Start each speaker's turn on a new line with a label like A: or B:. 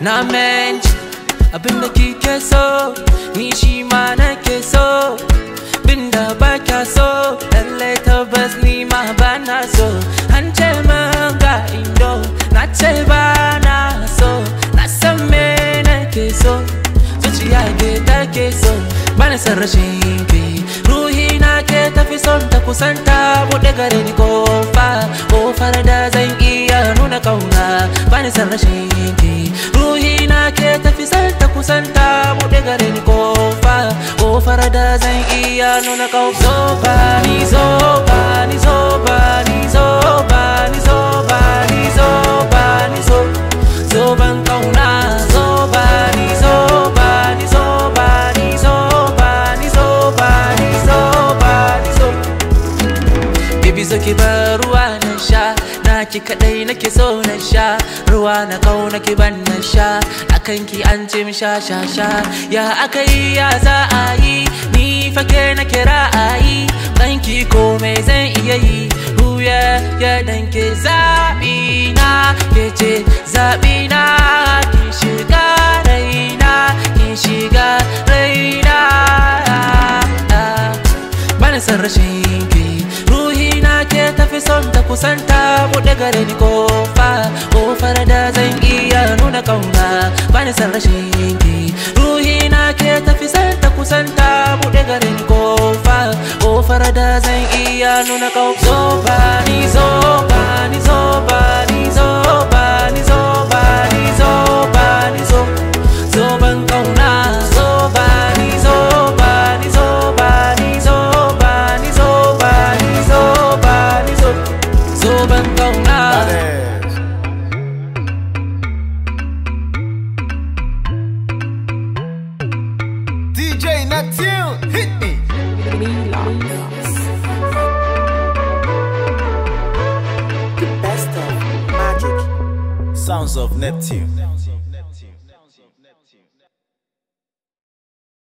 A: na manci abin kike so ni shi ma nake so Binda da ba so lallai tabbas ni ma ba na so an ce ga indo na ce ba so na san me nake so zuciya ke take so ba na san rashin ke ruhi na ke tafi son ta kusanta buɗe gare ni kofa kofar da zan iya nuna kauna ba na san rashin
B: no na Zobani, zobani, zobani, zobani, zobani, zobani, zobani, na Zobani, zobani, zobani, zobani, zobani, zobani,
A: zobani, zobani, zobani, ki kadai nake so na sha ruwa na kau nake ban na sha akan ki an ce mi sha sha sha ya akai ya za a yi ni fake nake ra'ayi a yi banki komai zan iya yi huya ya danke zaɓi na ke ce zaɓi na ki shiga raina ki shiga raina bana san rashin sonta kusanta buɗe gare ni kofa kofar da zan iya nuna kauna bani san rashin ruhi na ke tafi san kusanta buɗe gare ni kofa kofar
B: da zan iya nuna kauna zo ba ni zo ba ni zo ba
A: DJ Neptune, hit me. The best of
B: magic. Sounds of Neptune.